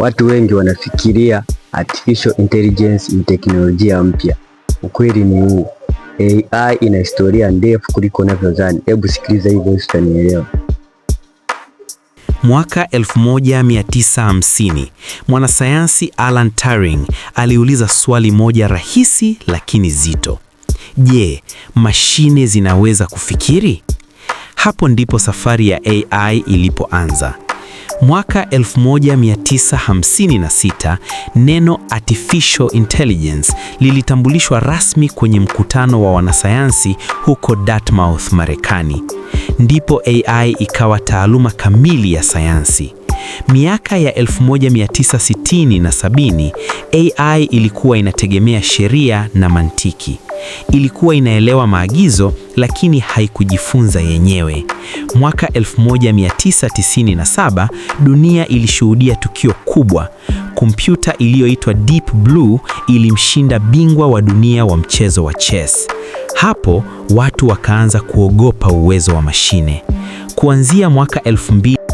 Watu wengi wanafikiria artificial intelligence ni teknolojia mpya. Ukweli ni huu, AI ina historia ndefu kuliko unavyodhani. Hebu sikiliza hii voice utanielewa. Mwaka 1950 mwanasayansi Alan Turing aliuliza swali moja rahisi lakini zito: je, mashine zinaweza kufikiri? Hapo ndipo safari ya AI ilipoanza. Mwaka 1956 neno artificial intelligence lilitambulishwa rasmi kwenye mkutano wa wanasayansi huko Dartmouth, Marekani. Ndipo AI ikawa taaluma kamili ya sayansi. Miaka ya 1960 na 70, AI ilikuwa inategemea sheria na mantiki. Ilikuwa inaelewa maagizo lakini haikujifunza yenyewe. Mwaka 1997 dunia ilishuhudia tukio kubwa. Kompyuta iliyoitwa Deep Blue ilimshinda bingwa wa dunia wa mchezo wa chess. Hapo watu wakaanza kuogopa uwezo wa mashine. Kuanzia mwaka 2000